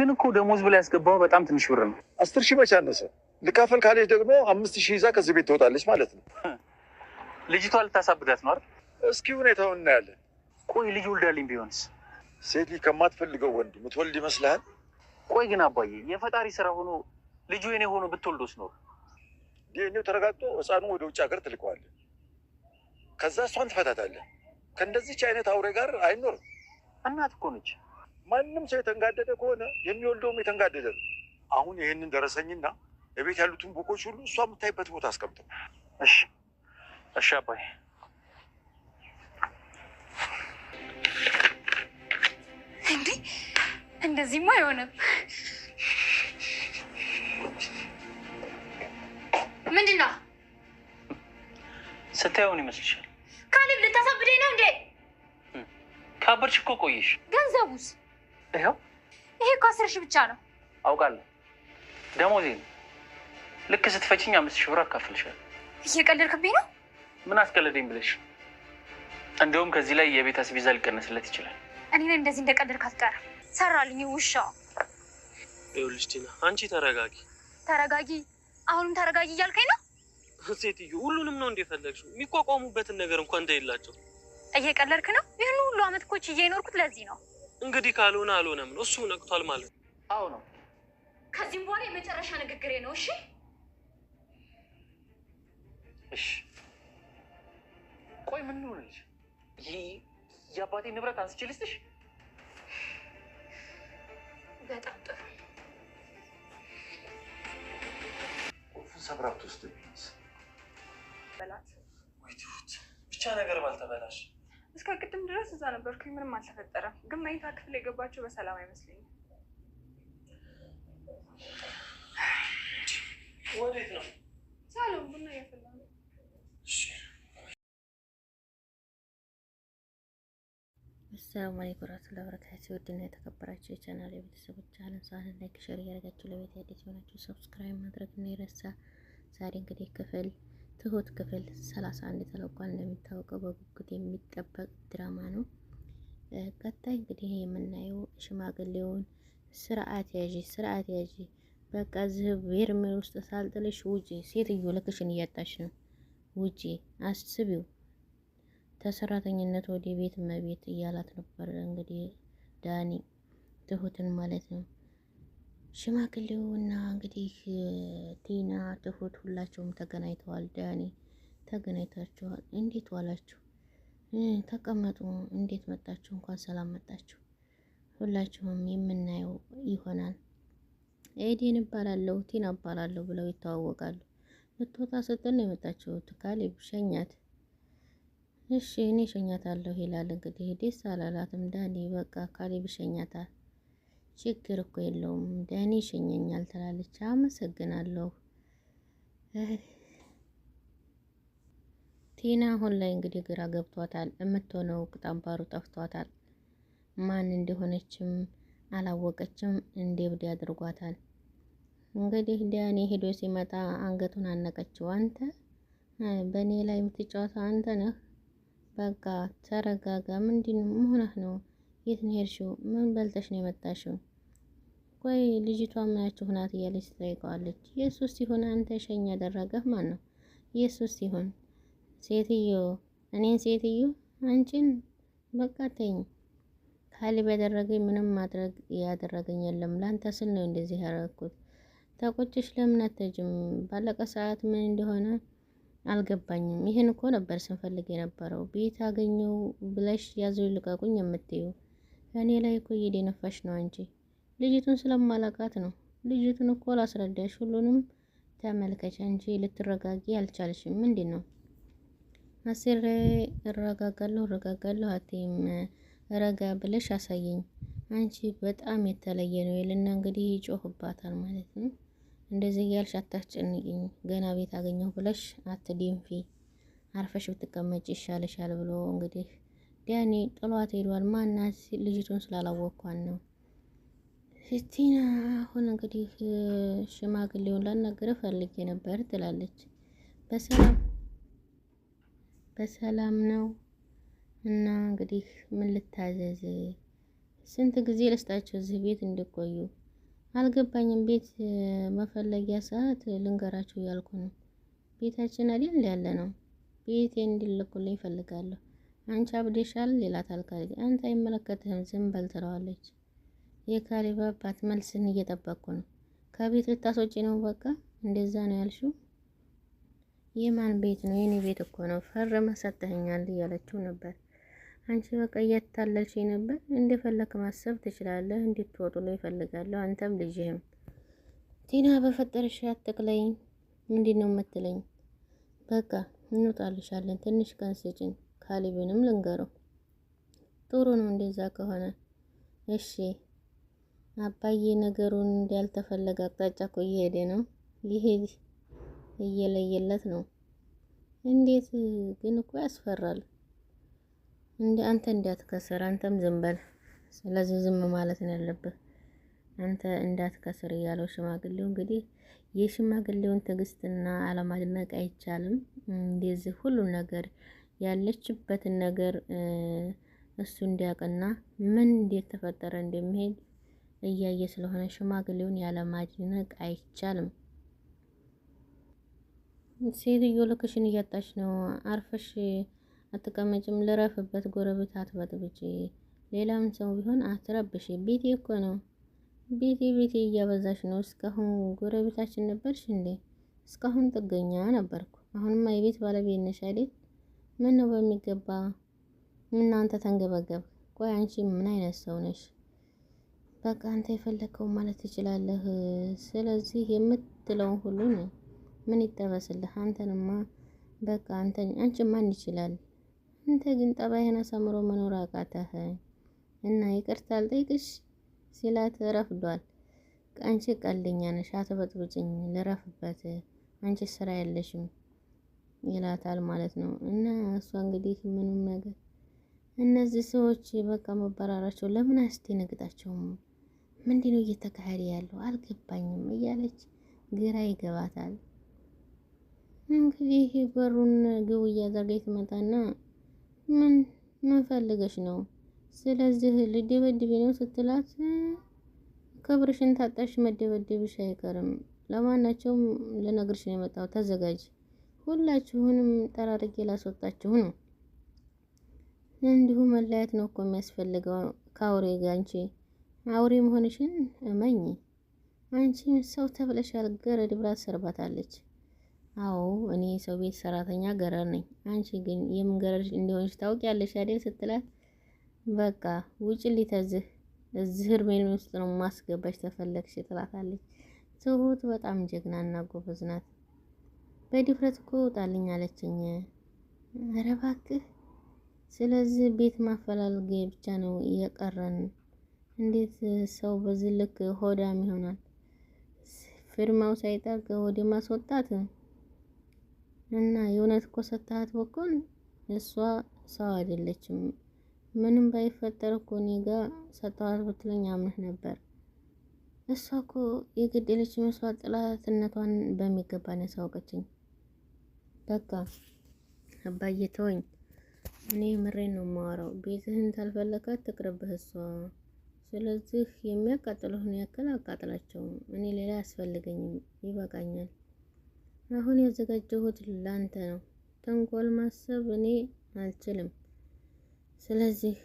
ግን እኮ ደሞዝ ብላ ያስገባው በጣም ትንሽ ብር ነው። አስር ሺህ መች አነሰ። ልካፈል ካለች ደግሞ አምስት ሺህ ይዛ ከዚህ ቤት ትወጣለች ማለት ነው። ልጅቷ ልታሳብዳት ነው አይደል? እስኪ ሁኔታው እናያለን። ቆይ ልጅ ወልዳልኝ ቢሆንስ? ሴት ልጅ ከማትፈልገው ወንድ ምትወልድ ይመስልሃል? ቆይ ግን አባዬ የፈጣሪ ስራ ሆኖ ልጁ የኔ ሆኖ ብትወልዶስ ኖር ዲኤንኤው ተረጋግጦ ህፃኑ ወደ ውጭ ሀገር ትልቀዋል። ከዛ እሷን ትፈታታለን። ከእንደዚች አይነት አውሬ ጋር አይኖርም። እናት እኮ ነች። ማንም ሰው የተንጋደደ ከሆነ የሚወልደውም የተንጋደደ ነው። አሁን ይህንን ደረሰኝና የቤት ያሉትን ቦኮች ሁሉ እሷ የምታይበት ቦታ አስቀምጠው። እሺ፣ እሺ አባይ እንዴ! እንደዚህማ አይሆንም። ምንድን ነው ስታየውን ይመስልሻል? ካሌብ ልታሳብደኝ ነው እንዴ? ካበድሽ እኮ ቆየሽ። ገንዘቡስ ይኸው ይሄ እኮ አስር ሺህ ብቻ ነው። አውቃለሁ፣ ደሞዜ ነው። ልክ ስትፈችኝ አምስት ሺህ ብር አካፍልሻለሁ። እየቀለድክብኝ ነው። ምን አስቀለደኝ ብለሽ? እንዲሁም ከዚህ ላይ የቤት አስቤዛ ሊቀነስለት ይችላል። እኔን እንደዚህ እንደቀለድክ አትቀርም። ሰራልኝ ውሻ። ይኸውልሽ ቲና፣ አንቺ ተረጋጊ፣ ተረጋጊ። አሁንም ተረጋጊ እያልከኝ ነው? ሴትዮ ሁሉንም ነው እንደፈለግሽው። የሚቋቋሙበትን ነገር እንኳን እንደሌላቸው እየቀለድክ ነው። ይህን ሁሉ አመት ኮች እየኖርኩት ለዚህ ነው እንግዲህ ካልሆነ አልሆነም ነው። እሱ ነቅቷል ማለት ነው። አዎ ነው። ከዚህም በኋላ የመጨረሻ ንግግሬ ነው። እሺ እሺ። ቆይ ምን ሆንልሽ? ይህ የአባቴ ንብረት አንስቼ ልስጥሽ? በጣም ጥሩ ቁልፉን ሰብራት ውስጥ ብቻ ነገር ባልተበላሽ እስከ ቅድም ድረስ እዛ ነበርኩኝ፣ ምንም አልተፈጠረም። ግን መኝታ ክፍል የገባቸው በሰላም አይመስለኝም። ወዴት ነው? ሳሎን ቡና እያፈላ ነው። አሰላሙ አለይኩም ወራህመቱላሂ ወበረካቱህ። ውድና የተከበራችሁ የቻናል የቤተሰቦች አለን ሰዓትን ላይክ፣ ሸር እያደረጋችሁ ለቤት አዲስ የሆናችሁ ሰብስክራይብ ማድረግ ነው ይረሳ። ዛሬ እንግዲህ ክፍል ትሁት ክፍል 31 ተለቋል። እንደሚታወቀው በጉጉት የሚጠበቅ ድራማ ነው። ቀጣይ እንግዲህ የምናየው ሽማግሌውን ስርዓት ያዥ፣ ስርዓት ያዥ፣ በቃ ዝህ በርሜል ውስጥ ሳልጥልሽ ውጪ፣ ሴትዮ ልክሽን እያጣሽ ነው፣ ውጪ፣ አስቢው፣ ተሰራተኝነት ወደ ቤት መቤት እያላት ነበር እንግዲህ ዳኒ ትሁትን ማለት ነው። ሽማግሌውና እንግዲህ ቲና ትሁት ሁላቸውም ተገናኝተዋል። ዳኒ ተገናኝታችኋል? እንዴት ዋላችሁ? ተቀመጡ። እንዴት መጣችሁ? እንኳን ሰላም መጣችሁ። ሁላችሁም የምናየው ይሆናል። ኤዴን እባላለሁ፣ ቲና እባላለሁ ብለው ይተዋወቃሉ። ልትወጣ ስትል ነው የመጣችው። ካሌብ ሸኛት። እሺ እኔ ሸኛታለሁ ይላል። እንግዲህ ደስ አላላትም ዳኒ። በቃ ካሌብ ሸኛታል። ችግር እኮ የለውም ደህኔ ይሸኘኛል ትላለች። አመሰግናለሁ። ቲና አሁን ላይ እንግዲህ ግራ ገብቷታል። የምትሆነው ቅጣምባሩ ጠፍቷታል። ማን እንደሆነችም አላወቀችም። እንደ እብድ አድርጓታል። እንግዲህ ዳኔ ሄዶ ሲመጣ አንገቱን አነቀችው። አንተ በእኔ ላይ የምትጫወተው አንተ ነህ። በቃ ተረጋጋ። ምንድን መሆንህ ነው? የት ነው ሄድሽው? ምን በልተሽ ነው የመጣሽው? ቆይ ልጅቷ ማያችሁ ናት እያለች ትጠይቀዋለች። ኢየሱስ ሲሆን አንተ ሸኝ ያደረገህ ማን ነው? ኢየሱስ ሲሆን ሴትዮ፣ እኔን ሴትዮ፣ አንቺን በቃ ተኝ ካሊብ ያደረገኝ ምንም ማድረግ ያደረገኝ የለም። ላንተ ስል ነው እንደዚህ ያደረግኩት። ተቆጭሽ ለምን አትሄጂም? ባለቀ ሰዓት ምን እንደሆነ አልገባኝም። ይህን እኮ ነበር ስንፈልግ የነበረው ቤት አገኘው ብለሽ ያዘው ልቀቁኝ የምትዩ እኔ ላይ እኮ እየደነፋሽ ነው አንቺ ልጅቱን ስለማላቃት ነው። ልጅቱን እኮ ላስረዳሽ፣ ሁሉንም ተመልከች። አንቺ ልትረጋጊ አልቻልሽም። ምንድን ነው አሴሬ? እረጋጋለሁ እረጋጋለሁ አቴም ረጋ ብለሽ አሳየኝ። አንቺ በጣም የተለየ ነው የልና እንግዲህ ይጮህባታል ማለት ነው። እንደዚህ እያልሽ አታስጨንቅኝ። ገና ቤት አገኘሁ ብለሽ አትዲንፊ፣ አርፈሽ ብትቀመጭ ይሻልሻል ብሎ እንግዲህ ዲያኔ ጥሏት ሄዷል። ማናት ልጅቱን ስላላወቅኳን ነው ክርስቲና አሁን እንግዲህ ሽማግሌውን ላናግርህ ፈልጌ ነበር ትላለች። በሰላም በሰላም ነው እና እንግዲህ ምን ልታዘዝ? ስንት ጊዜ ልስጣቸው እዚህ ቤት እንዲቆዩ አልገባኝም። ቤት መፈለጊያ ሰዓት ልንገራቸው እያልኩ ነው። ቤታችን አይደል ያለ ነው። ቤቴ እንዲልኩልኝ እፈልጋለሁ። አንቺ አብዴሻል ሌላ ታልካለች። አንተ አይመለከትህም ዝም በል ትለዋለች። የካሌብ አባት መልስን እየጠበቅኩ ነው። ከቤት ልታስወጪ ነው? በቃ እንደዛ ነው ያልሽው? የማን ቤት ነው? የኔ ቤት እኮ ነው። ፈርመህ ሰጥተኸኛል እያለችው ነበር። አንቺ በቃ እያታለልሽ ነበር። እንደፈለክ ማሰብ ትችላለህ። እንድትወጡ ነው ይፈልጋለሁ፣ አንተም ልጅህም። ቲና በፈጠረሽ አትቅለኝ። ምንድን ነው የምትለኝ? በቃ እንውጣልሻለን። ትንሽ ቀን ስጭን ካሌብንም ልንገረው። ጥሩ ነው እንደዛ ከሆነ እሺ አባዬ ነገሩን እንዳልተፈለገ አቅጣጫ እኮ እየሄደ ነው። ይሄ እየለየለት ነው። እንዴት ግን እኮ ያስፈራል። እንደ አንተ እንዳትከስር፣ አንተም ዝም በል። ስለዚህ ዝም ማለት ነው ያለብህ። አንተ እንዳትከስር እያለው ሽማግሌው እንግዲህ የሽማግሌውን ትዕግስትና አለማድነቅ አይቻልም። እንደዚህ ሁሉን ነገር ያለችበትን ነገር እሱ እንዲያውቅና ምን እንዴት ተፈጠረ እንደሚሄድ እያየ ስለሆነ ሽማግሌውን ያለማድነቅ አይቻልም። ሴትዮ ልክሽን እያጣች ነው። አርፈሽ አትቀመጭም? ልረፍበት፣ ጎረቤት አትበጥብጭ። ሌላም ሰው ቢሆን አትረብሽ። ቤቴ እኮ ነው። ቤቴ ቤቴ እያበዛሽ ነው። እስካሁን ጎረቤታችን ነበርሽ እንዴ? እስካሁን ጥገኛ ነበርኩ። አሁንማ የቤት ባለቤት ነሽ አይደል? ምን ነው በሚገባ እናንተ ተንገበገብ። ቆይ አንቺ ምን አይነት ሰው ነሽ? በቃ አንተ የፈለግከውን ማለት ትችላለህ። ስለዚህ የምትለውን ሁሉ ነው። ምን ይጠበስልህ? አንተንማ በቃ አንተ አንቺ ማን ይችላል? አንተ ግን ጠባይህን አሳምሮ መኖር አቃተህ እና ይቅርታ አልጠይቅሽ ሲላት ረፍዷል። አንቺ ቀልደኛ ነሽ፣ አትበጥብጭኝ፣ ልረፍበት፣ አንቺ ስራ የለሽም ይላታል ማለት ነው። እና እሷ እንግዲህ ምንም ነገር እነዚህ ሰዎች በቃ መበራራቸው ለምን አስቴ ነግጣቸውም ነው እየተካሄደ ያለው አልገባኝም እያለች ግራ ይገባታል። እንግዲህ በሩን ግቡ እያዘጋች ትመጣና ምን ምን ፈልገሽ ነው? ስለዚህ ልደበድቤ ነው ስትላት ክብርሽን ታጣሽ መደበደብሽ አይቀርም። ለማናቸውም ልነግርሽ ነው የመጣው ተዘጋጅ። ሁላችሁንም ጠራርጌ ላስወጣችሁ ነው። እንዲሁ መለያየት ነው እኮ የሚያስፈልገው ከአውሬ ጋር አንቺ አውሬ መሆንሽን እመኝ። አንቺ ሰው ተብለሻል። ገረድ ብላ ሰርባታለች። አዎ እኔ ሰው ቤት ሰራተኛ ገረድ ነኝ። አንቺ ግን የምን ገረድ እንደሆንሽ ታውቂያለሽ አይደል? ስትላት በቃ ውጭ ሊተዝህ እዚህ እርሜን ውስጥ ነው ማስገባሽ ተፈለግሽ ትላታለች። ትሁት በጣም ጀግናና ጎበዝ ናት። በድፍረት እኮ ውጣልኝ አለችኝ። ኧረ እባክህ ስለዚህ ቤት ማፈላለግ ብቻ ነው የቀረን እንዴት ሰው በዚህ ልክ ሆዳም ይሆናል? ፊርማው ሳይጠቅ ወደ ማስወጣት እና የእውነት እኮ ሰታት በኩል እሷ ሰው አይደለችም። ምንም ባይፈጠር እኮ እኔ ጋ ሰጥተሃት ብትለኝ አምንህ ነበር። እሷ እኮ የገደለች መስዋዕት ጥላትነቷን በሚገባ ነው ያሳወቀችኝ። በቃ አባዬ ተወኝ፣ እኔ ምሬን ነው የማወራው። ቤትህን ታልፈለካት ትቅርብህ እሷ ስለዚህ የሚያቃጥለውን ያክል አቃጥላቸውም። እኔ ሌላ አያስፈልገኝም፣ ይበቃኛል። አሁን ያዘጋጀሁት ላንተ ነው። ተንኮል ማሰብ እኔ አልችልም። ስለዚህ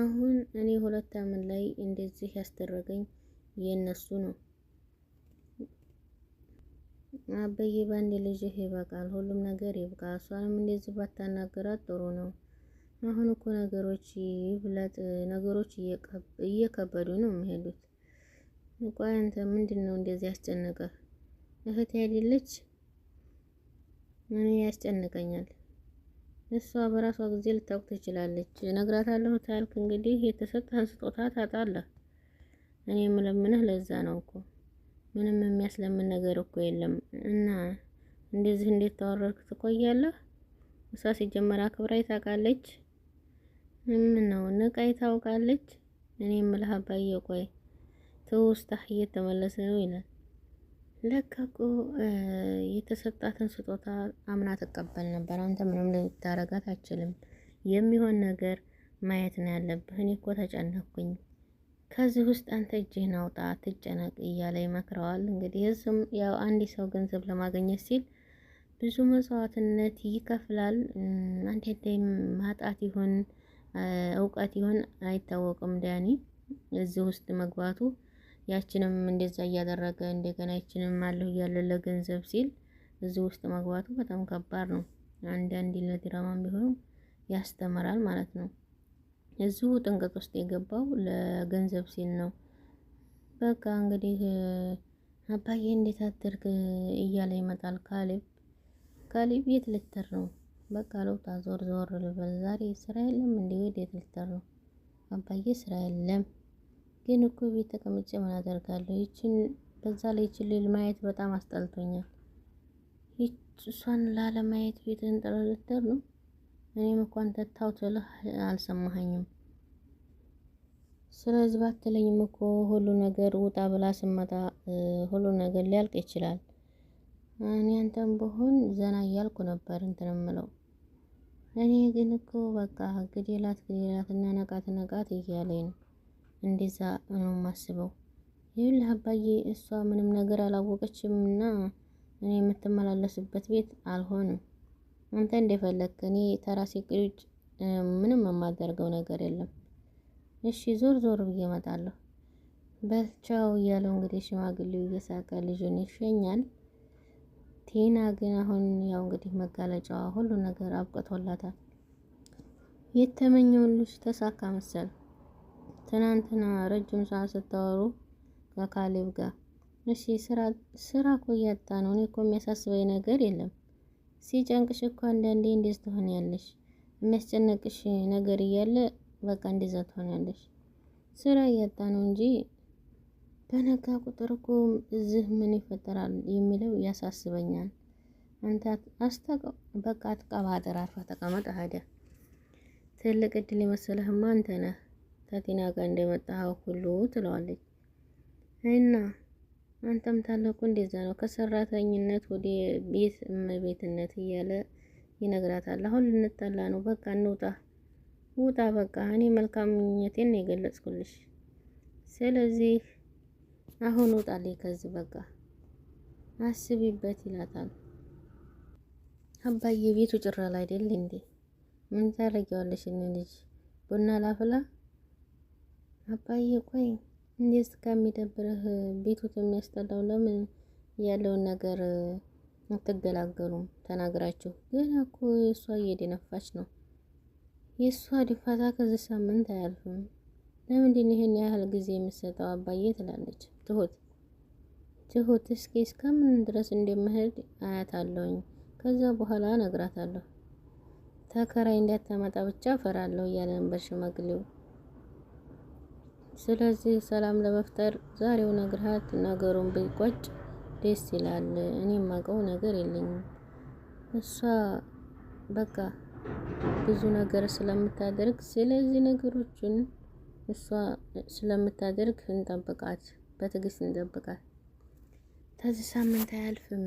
አሁን እኔ ሁለት አመት ላይ እንደዚህ ያስደረገኝ የነሱ ነው። አበዬ ባንድ ልጅህ ይበቃል፣ ሁሉም ነገር ይብቃ። እሷንም እንደዚህ ባታናገራት ጥሩ ነው። አሁን እኮ ነገሮች ይብለጥ ነገሮች እየከበዱ ነው የሚሄዱት። ቆይ አንተ ምንድን ነው እንደዚህ ያስጨነቀ? እህት አይደለች? ምን ያስጨንቀኛል? እሷ በራሷ ጊዜ ልታውቅ ትችላለች። ነግራታለሁ ታልክ እንግዲህ የተሰጠህን ስጦታ ታጣለህ። እኔ የምለምንህ ለዛ ነው እኮ ምንም የሚያስለምን ነገር እኮ የለም። እና እንደዚህ እንዴት ተዋረርክ ትቆያለህ? እሷ ሲጀመር አክብራይ ታውቃለች። ምን ነው ንቃይ ታውቃለች? እኔ የምልህ አባዬ ቆይ ትውስታህ እየተመለሰ ነው ይላል። ለካ እኮ የተሰጣትን ስጦታ አምና ትቀበል ነበር። አንተ ምንም ልታረጋት አችልም። የሚሆን ነገር ማየት ነው ያለብህ። እኔ እኮ ተጨነኩኝ። ከዚህ ውስጥ አንተ እጅህን አውጣ ትጨነቅ እያለ ይመክረዋል። እንግዲህ እሱም ያው አንድ ሰው ገንዘብ ለማግኘት ሲል ብዙ መስዋዕትነት ይከፍላል። አንዳንዴም ማጣት ይሁን እውቀት ይሆን አይታወቅም። ዳኒ እዚህ ውስጥ መግባቱ ያችንም እንደዛ እያደረገ እንደገና ይችንም አለሁ እያለ ለገንዘብ ሲል እዚህ ውስጥ መግባቱ በጣም ከባድ ነው። አንዳንድ ለድራማም ቢሆኑ ያስተምራል ማለት ነው። እዚሁ ጥንቅጥ ውስጥ የገባው ለገንዘብ ሲል ነው። በቃ እንግዲህ አባዬ እንዴት አደርግ እያለ ይመጣል ካሌብ። ካሌብ የት ልትር ነው በቃ ልውጣ፣ ዞር ዞር ልበል። ዛሬ ስራ የለም እንዴ? ወዴት ልትጠር ነው? አባዬ ስራ የለም ግን እኮ ቤት ተቀምጬ ምን አደርጋለሁ? ይችን በዛ ላይ ይችን ልጅ ማየት በጣም አስጠልቶኛል። እሷን ላለማየት ቤትህን ጥለህ ልትጠር ነው? እኔም እኳን ተታው ትልህ አልሰማኸኝም። ስለዚህ ባትለኝም እኮ ሁሉ ነገር ውጣ ብላ ስመጣ ሁሉ ነገር ሊያልቅ ይችላል። እኔ አንተም በሆን ዘና እያልኩ ነበር እንትን እምለው እኔ ግን እኮ በቃ ግዴላት ግዴላት እና ነቃት ነቃት እያለኝ ነው። እንደዛ ነው የማስበው። ይኸውልህ አባዬ እሷ ምንም ነገር አላወቀችም እና እኔ የምትመላለስበት ቤት አልሆንም። አንተ እንደፈለክ እኔ ተራሴ ቅጭ ምንም የማደርገው ነገር የለም። እሺ ዞር ዞር ብዬ እመጣለሁ። በቻው እያለው እንግዲህ ሽማግሌው እየሳቀ ልጁን ይሸኛል። ቴና ግን አሁን ያው እንግዲህ መጋለጫዋ ሁሉ ነገር አብቅቶላታል። የተመኘውን ልጅ ተሳካ መሰል። ትናንትና ረጅም ሰዓት ስታወሩ ከካሌብ ጋር እሺ፣ ስራ እኮ እያጣ ነው። እኔ እኮ የሚያሳስበኝ ነገር የለም። ሲጨንቅሽ እኮ አንዳንዴ እንደዚ ትሆኛለሽ። የሚያስጨነቅሽ ነገር እያለ በቃ እንደዛ ትሆኛለሽ። ስራ እያጣ ነው እንጂ በነጋ ቁጥር እኮ እዚህ ምን ይፈጠራል የሚለው ያሳስበኛል። አንተ በቃ አትቀባጥር፣ አርፋ ተቀመጠ ሀደ ትልቅ እድል የመሰለህማ አንተ ነህ ከቲና ጋር እንደመጣኸው ሁሉ ትለዋለች። እና አንተም ታለኩ እንደዛ ነው ከሰራተኝነት ወደ ቤት እመቤትነት እያለ ይነግራታል። አሁን ልንጠላ ነው፣ በቃ እንውጣ፣ ውጣ፣ በቃ እኔ መልካምኝነቴን ነው የገለጽኩልሽ። ስለዚህ አሁን ውጣልኝ ከዚህ በቃ አስቢበት ይላታል። አባዬ ቤቱ ጭራል አይደል እንዴ? ምን ታረጊዋለሽ? እኔ ልጅ ቡና ላፍላ። አባዬ ቆይ እንዴት ከሚደብርህ ቤቱ የሚያስጠላው ለምን ያለውን ነገር አትገላገሉም? ተናግራችሁ ግን እኮ የእሷ እየደነፋች ነው። የእሷ ድፋታ ከዚህ ሳምንት አያልፍም። ለምንድን ይህን ያህል ጊዜ የምትሰጠው አባዬ ትላለች። ትሁት ትሁት እስኪ እስከምን ድረስ እንደምሄድ አያታለሁኝ። ከዛ በኋላ ነግራታለሁ። ተከራይ እንዳታመጣ ብቻ ፈራለሁ እያለ ነበር ሽማግሌው። ስለዚህ ሰላም ለመፍጠር ዛሬው ነግርሃት ነገሩን ቢቋጭ ደስ ይላል። እኔ የማውቀው ነገር የለኝም። እሷ በቃ ብዙ ነገር ስለምታደርግ ስለዚህ ነገሮችን እሷ ስለምታደርግ እንጠብቃት። በትዕግስት እንጠብቃል። ተዚህ ሳምንት አያልፍም።